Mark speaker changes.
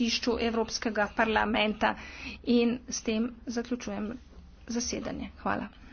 Speaker 1: stališču Evropskega parlamenta in s tem zaključujem zasedanje. Hvala.